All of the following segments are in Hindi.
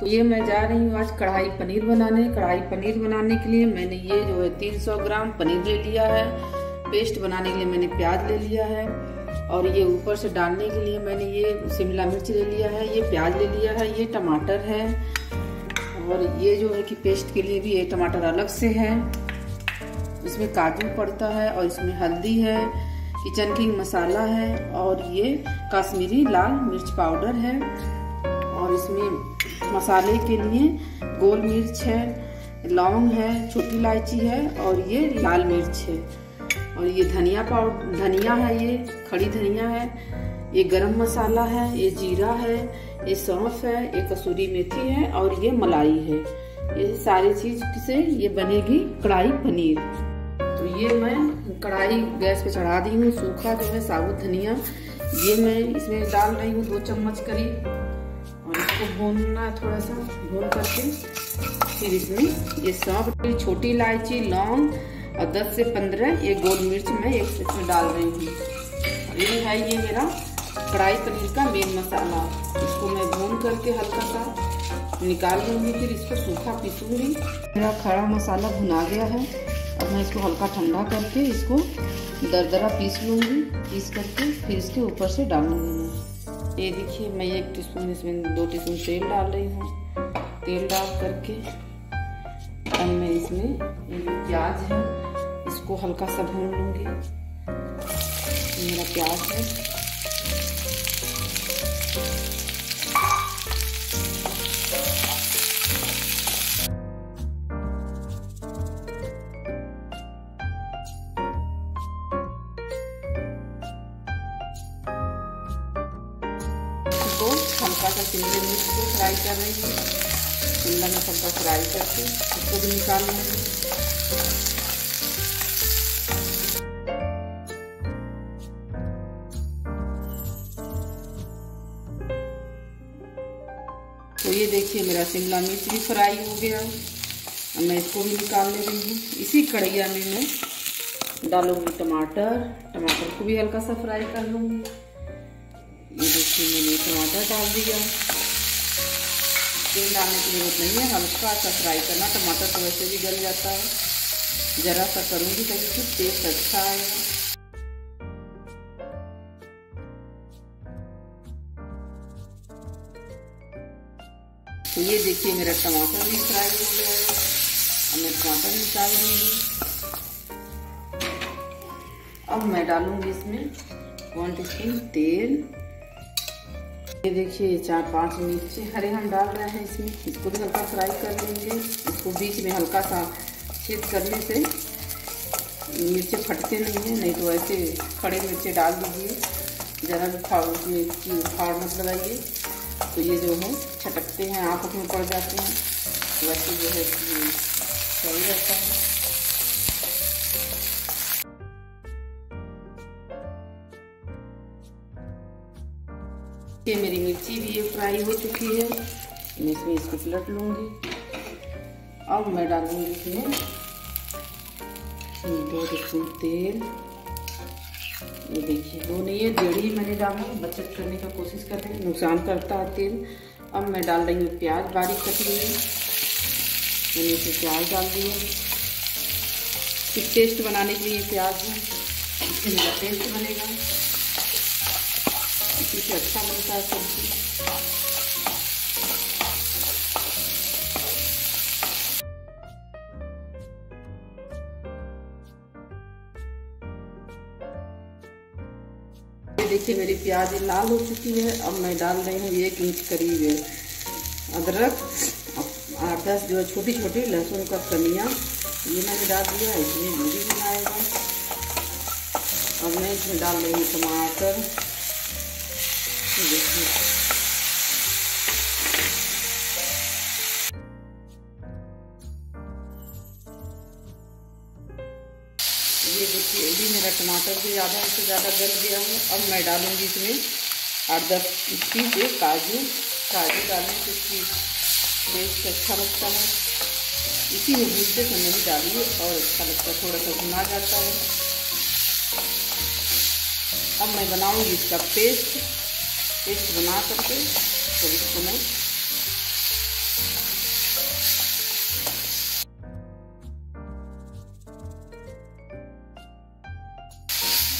तो ये मैं जा रही हूँ आज कढ़ाई पनीर बनाने कढ़ाई पनीर बनाने के लिए मैंने ये जो है 300 ग्राम पनीर ले लिया है पेस्ट बनाने के लिए मैंने प्याज ले लिया है और ये ऊपर से डालने के लिए मैंने ये शिमला मिर्च ले लिया है ये प्याज ले लिया है ये टमाटर है और ये जो है कि पेस्ट के लिए भी ये टमाटर अलग से है इसमें काजू पड़ता है और इसमें हल्दी है किचन किंग मसाला है और ये काश्मीरी लाल मिर्च पाउडर है और इसमें मसाले के लिए गोल मिर्च है लौंग है छोटी इलायची है और ये लाल मिर्च है और ये धनिया पाउडर धनिया है ये खड़ी धनिया है ये गरम मसाला है ये जीरा है ये सौंफ है ये कसूरी मेथी है और ये मलाई है ये सारी चीज से ये बनेगी कढ़ाई पनीर तो ये मैं कढ़ाई गैस पे चढ़ा दी हूँ सूखा जो है साबुत धनिया ये मैं इसमें डाल रही हूँ दो चम्मच करीब इसको भूनना थोड़ा सा भून करके फिर इसमें ये सब छोटी इलायची लौंग और 10 से 15 ये गोल मिर्च मैं एक इसमें डाल रही हूँ ये है ये मेरा कढ़ाई पनीर का मेन मसाला इसको मैं भून करके हल्का सा निकाल लूँगी फिर इसको सूखा पीसूँगी मेरा खड़ा मसाला भुना गया है अब मैं इसको हल्का ठंडा करके इसको दरदरा पीस लूँगी पीस करके फिर इसके ऊपर से डालूँगी ये देखिए मैं एक टीस्पून इसमें दो टीस्पून तेल डाल रही हूँ तेल डाल करके अब मैं इसमें ये जो प्याज है इसको हल्का सा भून लूँगी मेरा प्याज है हल्का सा शिमला मिर्च को फ्राई कर रही हूँ शिमला मिर्च हल्का फ्राई करके उसको भी निकाल लेंगे तो ये देखिए मेरा शिमला मिर्च भी फ्राई हो गया अब मैं इसको भी निकाल ले रही हूँ इसी कढ़िया में मैं डालूंगी टमाटर टमाटर को भी हल्का सा फ्राई कर लूँगी इसमें मैंने टमाटर डाल दिया तेल डालने की जरूरत नहीं है हल्का सा फ्राई करना टमाटर तो वैसे भी गल जाता है ज़रा सा करूँगी ताकि तो टेस्ट अच्छा आएगा तो ये देखिए मेरा टमाटर भी फ्राई हो गया है अब मैं टमाटर भी डाल दूँगी अब मैं डालूंगी इसमें वन टी स्पून तेल ये देखिए चार पांच मिर्ची हरे हम डाल रहे हैं इसमें इसको भी हल्का फ्राई कर लेंगे इसको बीच में हल्का सा छेद करने से मिर्चे फटते नहीं हैं नहीं तो ऐसे खड़े मिर्चे डाल दीजिए ज़रा भी फाड़ उसमें फाड़ मत लगाइए तो ये जो है छटकते हैं आँख में पड़ जाते हैं वैसे तो जो है सही रहता है ये मेरी मिर्ची भी ये फ्राई हो चुकी है मैं इसमें इसको पलट लूँगी अब मैं डालूंगी इसमें दो स्पून तेल ये देखिए दो नहीं है डेढ़ ही मैंने डाली बचत करने का कोशिश कर रही नुकसान करता है तेल अब मैं डाल रही हूँ प्याज बारीक कट रही है मैंने इसे प्याज डाल दी है टेस्ट बनाने के लिए प्याज है इससे मेरा टेस्ट बनेगा इसी से अच्छा बनता है सब्जी देखिए मेरी प्याज लाल हो चुकी है अब मैं डाल रही हूँ एक इंच करीब अदरक आठ दस जो छोटी छोटी लहसुन का कलियाँ ये मैंने डाल दिया है इसमें भूरी बनाएगा अब मैं इसमें डाल रही हूँ टमाटर ये देखिए अभी मेरा टमाटर भी ज़्यादा से ज़्यादा गल गया है अब मैं डालूंगी इसमें आठ दस पीस एक काजू काजू डालने से तो इसकी टेस्ट अच्छा लगता है इसी में भूलते समय भी डालिए और अच्छा लगता है थोड़ा सा भुना जाता है अब मैं बनाऊंगी इसका पेस्ट पेस्ट बना करके तो इसको मैं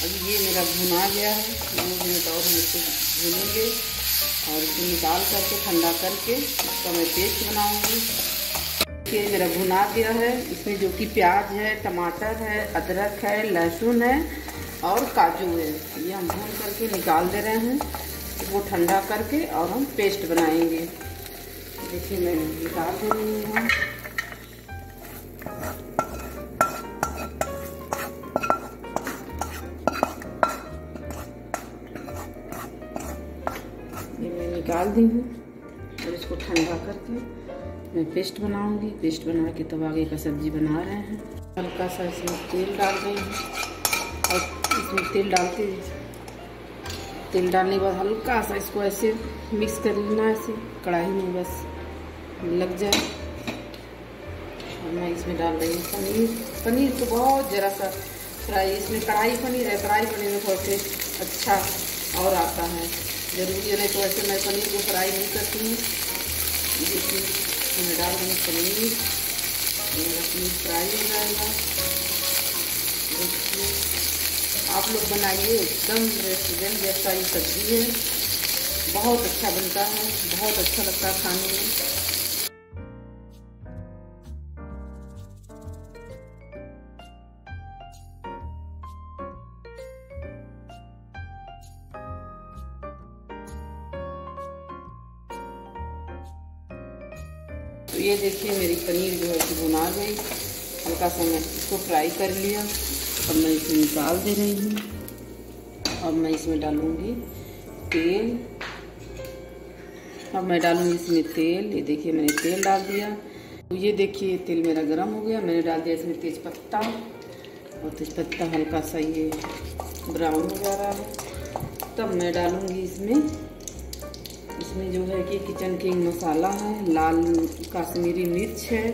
अभी ये मेरा भुना गया है दो मिनट और हम इसको भूनेंगे और इसे निकाल करके ठंडा करके इसका मैं पेस्ट बनाऊंगी ये मेरा भुना गया है इसमें जो कि प्याज है टमाटर है अदरक है लहसुन है और काजू है ये हम भून करके निकाल दे रहे हैं इसको ठंडा करके और हम पेस्ट बनाएंगे देखिए मैं निकाल दे रही हूँ निकाल दी हूँ और इसको ठंडा करके मैं पेस्ट बनाऊंगी पेस्ट बना के तब आगे का सब्जी बना रहे हैं हल्का सा इसमें तेल डाल रही हूँ और इसमें तेल डालते तेल डालने के बाद हल्का सा इसको ऐसे मिक्स कर लेना ऐसे कढ़ाई में बस लग जाए मैं इसमें डाल रही हूँ पनीर पनीर तो बहुत ज़रा सा फ्राई इसमें कढ़ाई पनीर है कढ़ाई पनीर में थोड़ा टेस्ट अच्छा और आता है ज़रूरी है नहीं तो ऐसे मैं पनीर को फ्राई नहीं करती हूँ देखिए मैं डाल रही हूँ पनीर पनीर फ्राई हो जाएगा आप लोग बनाइए एकदम रेस्टोरेंट जैसा ये सब्जी है बहुत अच्छा बनता है बहुत अच्छा लगता है खाने में तो ये देखिए मेरी पनीर जो है कि भुना गई हल्का सा मैं इसको फ्राई कर लिया अब मैं इसे निकाल दे रही हूँ अब मैं इसमें डालूँगी तेल अब मैं डालूँगी इसमें तेल ये देखिए मैंने तेल डाल दिया तो ये देखिए तेल मेरा गर्म हो गया मैंने डाल दिया इसमें तेज पत्ता और तेज पत्ता हल्का सा ये ब्राउन हो जा रहा है तब मैं डालूँगी इसमें इसमें जो है कि किचन किंग मसाला है लाल काश्मीरी मिर्च है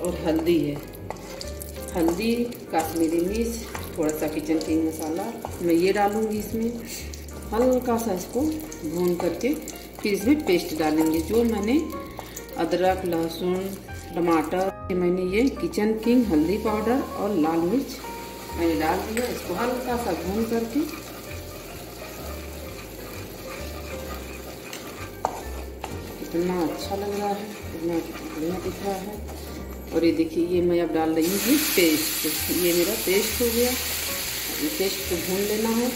और हल्दी है हल्दी काश्मीरी मिर्च थोड़ा सा किचन किंग मसाला मैं ये डालूंगी इसमें हल्का सा इसको भून करके फिर इसमें पेस्ट डालेंगे जो मैंने अदरक लहसुन टमाटर मैंने ये किचन किंग हल्दी पाउडर और लाल मिर्च मैंने डाल दिया इसको हल्का सा भून करके इतना अच्छा लग रहा है इतना बढ़िया दिख रहा है और ये देखिए ये मैं अब डाल रही हूँ पेस्ट ये मेरा पेस्ट हो गया ये पेस्ट को भून लेना है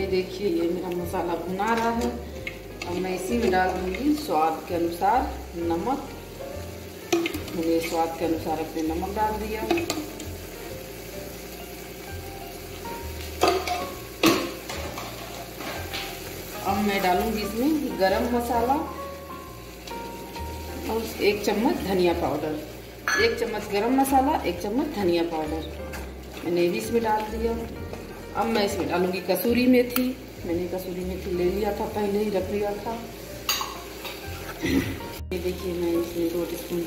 ये देखिए ये मेरा मसाला भुना रहा है अब मैं इसी में डाल दूंगी स्वाद के अनुसार नमक मैंने स्वाद के अनुसार अपने नमक डाल दिया अब मैं डालूंगी इसमें गरम मसाला और एक चम्मच धनिया पाउडर एक चम्मच गरम मसाला एक चम्मच धनिया पाउडर मैंने भी इसमें डाल दिया अब मैं इसमें डालूंगी कसूरी मेथी मैंने कसूरी मेथी ले लिया था पहले ही रख लिया था ये देखिए मैं इसमें दो टी स्पून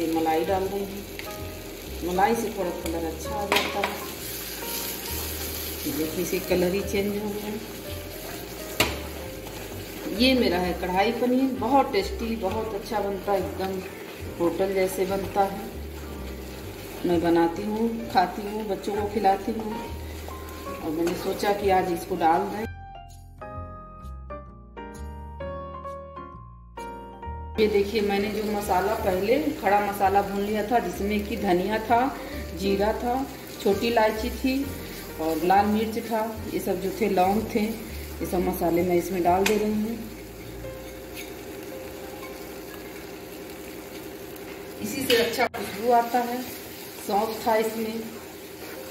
ये मलाई डाल दूँगी मलाई से थोड़ा कलर अच्छा आ जाता है देखिए इसे कलर ही चेंज हो गया ये मेरा है कढ़ाई पनीर बहुत टेस्टी बहुत अच्छा बनता है एकदम होटल जैसे बनता है मैं बनाती हूँ खाती हूँ बच्चों को खिलाती हूँ और मैंने सोचा कि आज इसको डाल दें ये देखिए मैंने जो मसाला पहले खड़ा मसाला भून लिया था जिसमें कि धनिया था जीरा था छोटी इलायची थी और लाल मिर्च था ये सब जो थे लौंग थे ये सब मसाले मैं इसमें डाल दे रही हूँ इसी से अच्छा खुशबू आता है सौंफ था इसमें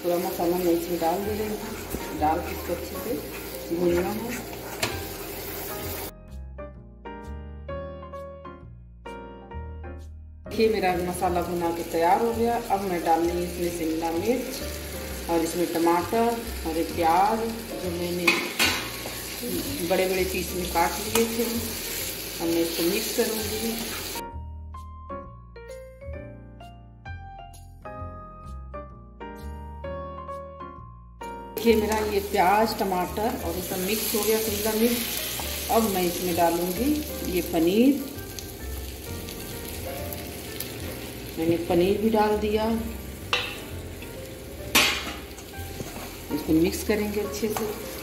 थोड़ा मसाला मैं इसमें डाल दे रही हूँ डाल के इसको अच्छे से भूनना है ये मेरा मसाला भुना के तैयार हो गया अब मैं डाल रही इसमें शिमला मिर्च और इसमें टमाटर और प्याज जो मैंने बड़े बड़े पीस में काट लिए थे अब मैं इसको मिक्स करूँगी देखिए मेरा ये प्याज टमाटर और ये सब मिक्स हो गया शिमला मिर्च अब मैं इसमें डालूंगी ये पनीर मैंने पनीर भी डाल दिया इसको मिक्स करेंगे अच्छे से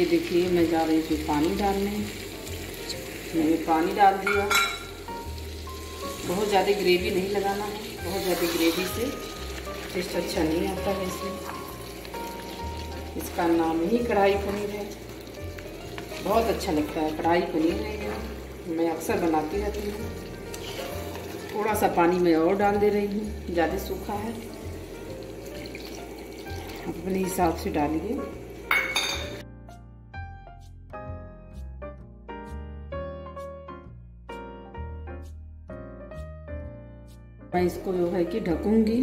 ये देखिए मैं जा रही थी पानी डालने मैंने पानी डाल दिया बहुत ज़्यादा ग्रेवी नहीं लगाना है बहुत ज़्यादा ग्रेवी से टेस्ट अच्छा नहीं आता है इसका नाम ही कढ़ाई पनीर है बहुत अच्छा लगता है कढ़ाई पनीर है मैं अक्सर बनाती रहती हूँ थोड़ा सा पानी मैं और डाल दे रही हूँ ज़्यादा सूखा है अपने हिसाब से डालिए मैं इसको जो है कि ढकूँगी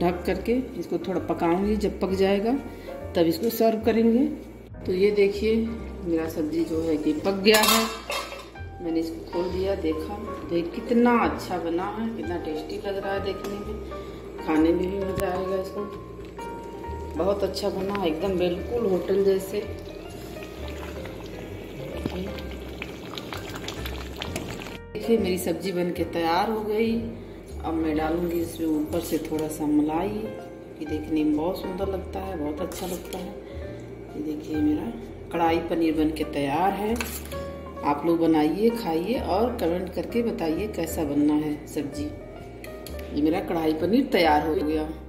ढक करके इसको थोड़ा पकाऊंगी जब पक जाएगा तब इसको सर्व करेंगे तो ये देखिए मेरा सब्जी जो है कि पक गया है मैंने इसको खोल दिया देखा देख कितना अच्छा बना है कितना टेस्टी लग रहा है देखने में खाने में भी मज़ा आएगा इसको बहुत अच्छा बना है एकदम बिल्कुल होटल जैसे देखिए मेरी सब्जी बन के तैयार हो गई अब मैं डालूँगी इसमें ऊपर से थोड़ा सा मलाई ये देखने में बहुत सुंदर लगता है बहुत अच्छा लगता है ये देखिए मेरा कढ़ाई पनीर बन के तैयार है आप लोग बनाइए खाइए और कमेंट करके बताइए कैसा बनना है सब्जी ये मेरा कढ़ाई पनीर तैयार हो गया